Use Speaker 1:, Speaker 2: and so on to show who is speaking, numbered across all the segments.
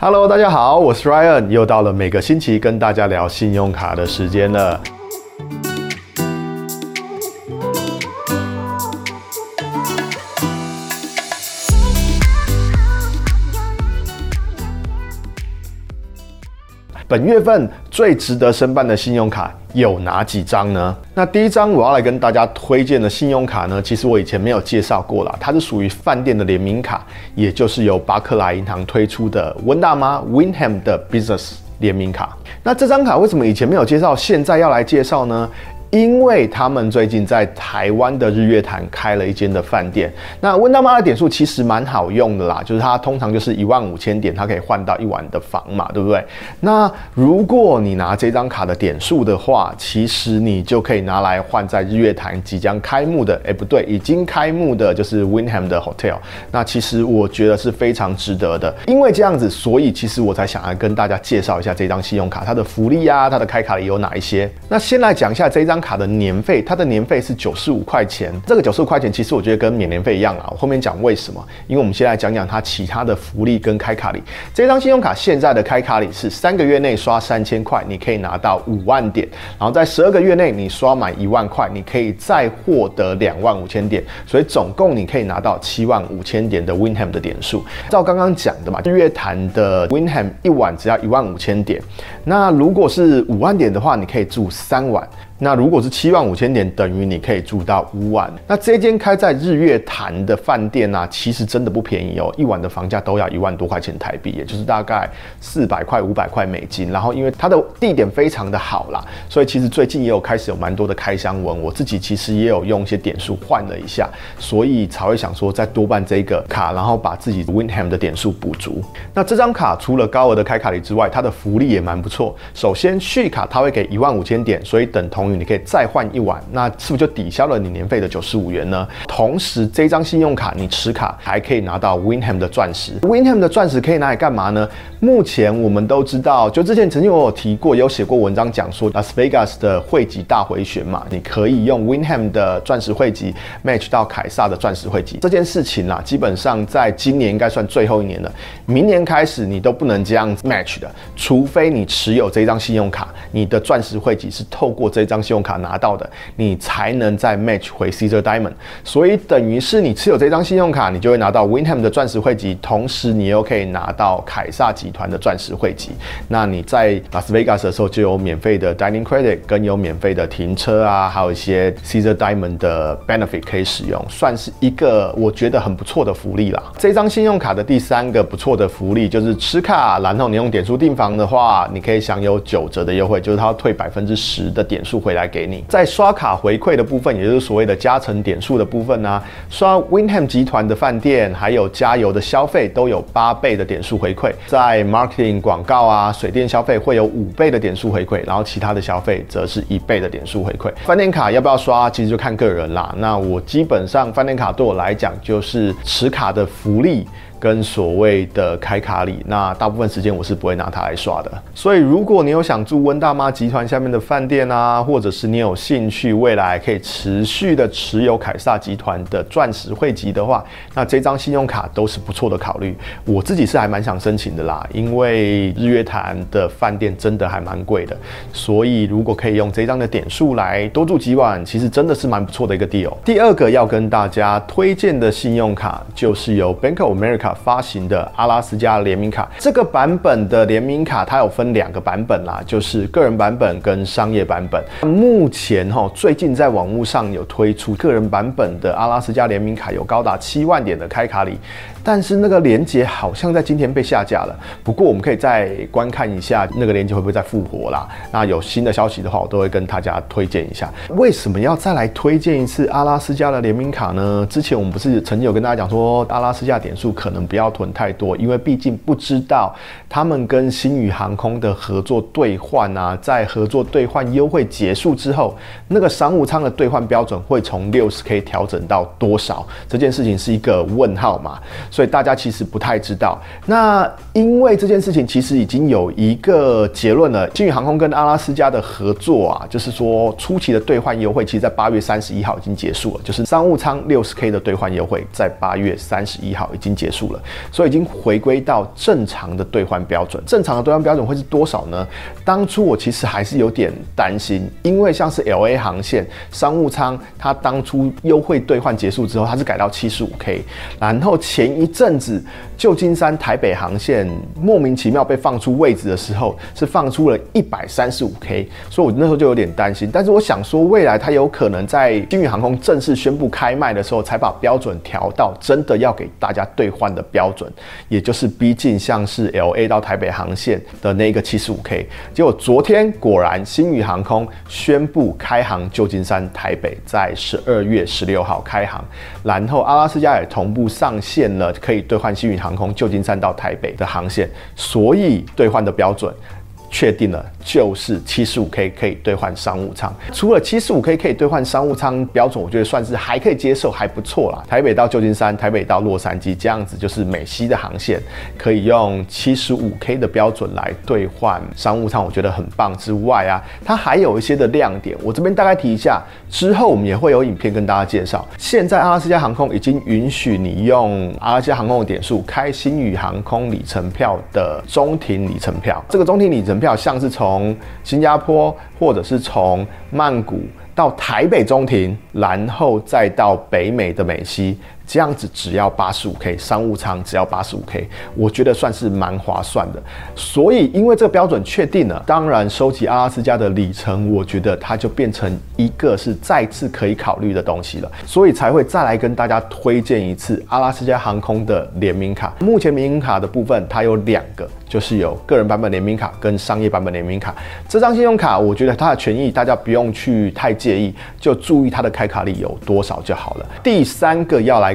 Speaker 1: Hello，大家好，我是 Ryan，又到了每個星期跟大家聊信用卡的時間了。本月份最值得申辦的信用卡有哪幾張呢？那第一張我要來跟大家推薦的信用卡呢，其實我以前沒有介紹過啦。它是屬於飯店的聯名卡，也就是由巴克萊銀行推出的溫大媽 Wyndham 的 Business 聯名卡。那這張卡為什麼以前沒有介紹，現在要來介紹呢？因為他們最近在台灣的日月潭開了一間的飯店，那溫大媽的點數其實蠻好用的啦，就是它通常就是一萬五千點，它可以換到一晚的房嘛，對不對？那如果你拿這張卡的點數的話，其實你就可以拿來換在日月潭即將開幕的，誒，不對，已經開幕的，就是 Wyndham 的 Hotel。那其實我覺得是非常值得的，因為這樣子，所以其實我才想要跟大家介紹一下這張信用卡它的福利啊，它的開卡禮有哪一些。那先來講一下這張卡的年費，它的年費是九十五塊錢。這個九十五塊錢，其實我覺得跟免年費一樣啊。我後面講為什麼？因為我們先來講講它其他的福利跟開卡禮。這張信用卡現在的開卡禮是三個月內刷三千塊，你可以拿到五萬點。然後在十二個月內你刷滿一萬塊，你可以再獲得兩萬五千點。所以總共你可以拿到七萬五千點的 Wyndham 的點數。照剛剛講的嘛，日月潭的 Wyndham 一晚只要一萬五千點。那如果是五萬點的話，你可以住三晚。那如果如果是七萬五千點，等於你可以住到五晚。那這間開在日月潭的飯店呢、啊，其實真的不便宜哦，一晚的房價都要一萬多塊錢台幣，也就是大概四百塊、五百塊美金。然後因為它的地點非常的好啦，所以其實最近也有開始有蠻多的開箱文。我自己其實也有用一些點數換了一下，所以才會想說再多辦這個卡，然後把自己 Wyndham 的點數補足。那這張卡除了高額的開卡禮之外，它的福利也蠻不錯。首先續卡它會給一萬五千點，所以等同於你可以。再換一晚，那是不是就抵消了你年費的九十五元呢？同時，這張信用卡你持卡還可以拿到 Wyndham 的鑽石。Wyndham 的鑽石可以拿來幹嘛呢？目前我們都知道，就之前曾經我有提過，有寫過文章講說 Las Vegas 的會籍大回旋嘛，你可以用 Wyndham 的鑽石會籍 match 到凱撒的鑽石會籍這件事情啦、啊。基本上在今年應該算最後一年了，明年開始你都不能這樣子 match 的，除非你持有這張信用卡，你的鑽石會籍是透過這張信用卡。卡拿到的，你才能再 match 回 Caesar Diamond，所以等於是你持有這張信用卡，你就會拿到 Wyndham 的鑽石會籍，同時你又可以拿到凱撒集團的鑽石會籍。那你在 Las Vegas 的時候就有免費的 Dining Credit，跟有免費的停車啊，還有一些 Caesar Diamond 的 Benefit 可以使用，算是一個我覺得很不錯的福利啦。這張信用卡的第三個不錯的福利就是持卡，然後你用點數訂房的話，你可以享有九折的優惠，就是他要退百分之十的點數回來給。給你。在刷卡回饋的部分，也就是所謂的加成點數的部分呢、啊，刷 Wyndham 集團的飯店，還有加油的消費都有八倍的點數回饋，在 marketing 廣告啊，水電消費會有五倍的點數回饋，然後其他的消費則是一倍的點數回饋。飯店卡要不要刷，其實就看個人啦。那我基本上飯店卡對我來講就是持卡的福利。跟所謂的開卡禮，那大部分時間我是不會拿它來刷的。所以如果你有想住溫大媽集團下面的飯店啊，或者是你有興趣未來可以持續的持有凱撒集團的鑽石會籍的話，那這張信用卡都是不錯的考慮。我自己是還蠻想申請的啦，因為日月潭的飯店真的還蠻貴的，所以如果可以用這張的點數來多住幾晚，其實真的是蠻不錯的一個 deal。第二個要跟大家推薦的信用卡就是由 Bank of America。發行的阿拉斯加聯名卡，這個版本的聯名卡它有分兩個版本啦，就是個人版本跟商業版本。目前哈、哦，最近在網絡上有推出個人版本的阿拉斯加聯名卡，有高達七萬點的開卡禮，但是那個鏈接好像在今天被下架了。不過我們可以再觀看一下那個鏈接會不會再復活啦。那有新的消息的話，我都會跟大家推薦一下。為什麼要再來推薦一次阿拉斯加的聯名卡呢？之前我們不是曾經有跟大家講說，阿拉斯加點數可能。不要囤太多，因為畢竟不知道他們跟星宇航空的合作兌換啊，在合作兌換優惠結束之後，那個商務艙的兌換標準會從六十 K 調整到多少？這件事情是一個問號嘛，所以大家其實不太知道。那因為這件事情其實已經有一個結論了，星宇航空跟阿拉斯加的合作啊，就是說初期的兌換優惠，其實，在八月三十一號已經結束了，就是商務艙六十 K 的兌換優惠，在八月三十一號已經結束了。所以已經回歸到正常的兌換標準。正常的兌換標準會是多少呢？當初我其實還是有點擔心，因為像是 LA 航線商務艙，它當初優惠兌換結束之後，它是改到七十五 K。然後前一陣子舊金山台北航線莫名其妙被放出位置的時候，是放出了一百三十五 K。所以我那時候就有點擔心。但是我想說，未來它有可能在星宇航空正式宣布開賣的時候，才把標準調到真的要給大家兌換的標準，也就是逼近像是 LA 到台北航線的那一個七十五 K。結果昨天果然，星宇航空宣布開航，舊金山台北，在十二月十六號開航，然後阿拉斯加也同步上線了，可以兌換星宇航空舊金山到台北的航線，所以兌換的標準。確定了，就是七十五 K 可以兌換商務艙。除了七十五 K 可以兌換商務艙標準，我覺得算是還可以接受，還不錯啦。台北到舊金山，台北到洛杉磯這樣子，就是美西的航線，可以用七十五 K 的標準來兌換商務艙，我覺得很棒之外啊，它還有一些的亮點，我這邊大概提一下，之後我們也會有影片跟大家介紹。現在阿拉斯加航空已經允許你用阿拉斯加航空的點數開星宇航空里程票的中停里程票，這個中停里程票像是從新加坡，或者是從曼谷到台北中停，然後再到北美的美西。這樣子只要八十五 K 商務艙只要八十五 K，我覺得算是蠻划算的。所以因為這個標準確定了，當然收集阿拉斯加的里程，我覺得它就變成一個是再次可以考慮的東西了。所以才會再來跟大家推薦一次阿拉斯加航空的聯名卡。目前聯名卡的部分它有兩個，就是有個人版本聯名卡跟商業版本聯名卡。這張信用卡我覺得它的權益大家不用去太介意，就注意它的開卡禮有多少就好了。第三個要來。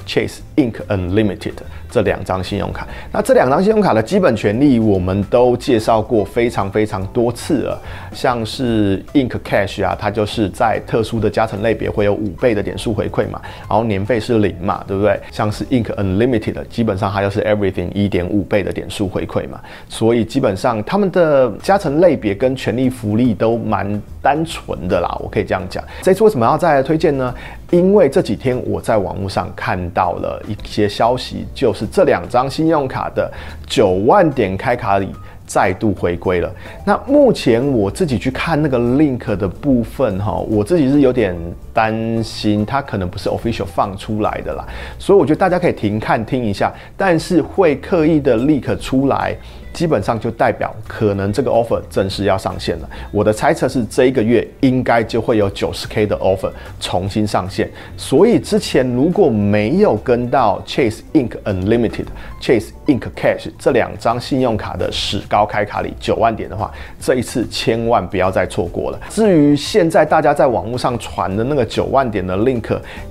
Speaker 1: Chase Ink Unlimited 這兩張信用卡。那這兩張信用卡的基本權利我們都介紹過非常非常多次了。像是 Ink Cash 啊，它就是在特殊的加成類別會有五倍的點數回饋嘛，然後年費是零嘛，對不對？像是 Ink Unlimited，基本上它就是 everything 一點五倍的點數回饋嘛。所以基本上他們的加成類別跟權利福利都蠻單純的啦，我可以這樣講。這次為什麼要再來推薦呢？因為這幾天我在網絡上看到。到了一些消息，就是這兩張信用卡的九萬點開卡禮再度回歸了。那目前我自己去看那個 Link 的部分哈，我自己是有點擔心，它可能不是 Official 放出來的啦，所以我覺得大家可以停看聽一下，但是會刻意的 leak 出來。基本上就代表可能這個 offer 正式要上線了。我的猜測是，這一個月應該就會有九十 K 的 offer 重新上線。所以之前如果沒有跟到 Chase Ink Unlimited、Chase Ink Cash 這兩張信用卡的史高開卡里九萬點的話，這一次千萬不要再錯過了。至於現在大家在網絡上傳的那個九萬點的 link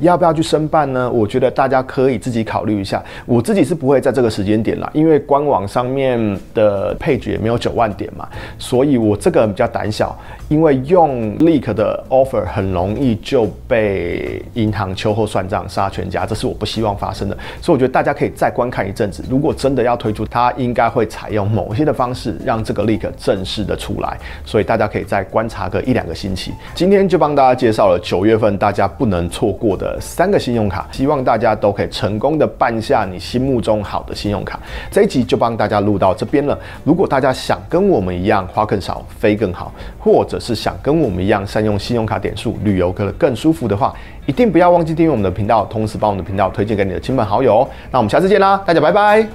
Speaker 1: 要不要去申辦呢？我覺得大家可以自己考慮一下。我自己是不會在這個時間點啦，因為官網上面。的配置也沒有九萬點嘛，所以我這個人比較膽小，因為用 leak 的 offer 很容易就被銀行秋後算賬殺殺全家，這是我不希望發生的，所以我覺得大家可以再觀看一陣子，如果真的要推出，它應該會採用某些的方式讓這個 leak 正式的出來，所以大家可以再觀察個一兩個星期。今天就幫大家介紹了九月份大家不能錯過的三個信用卡，希望大家都可以成功的辦下你心目中好的信用卡。這一集就幫大家錄到這邊。如果大家想跟我們一樣花更少飛更好，或者是想跟我們一樣善用信用卡點數旅遊可能更舒服的話，一定不要忘記訂閱我們的頻道，同時把我們的頻道推薦給你的親朋好友哦。那我們下次見啦，大家拜拜。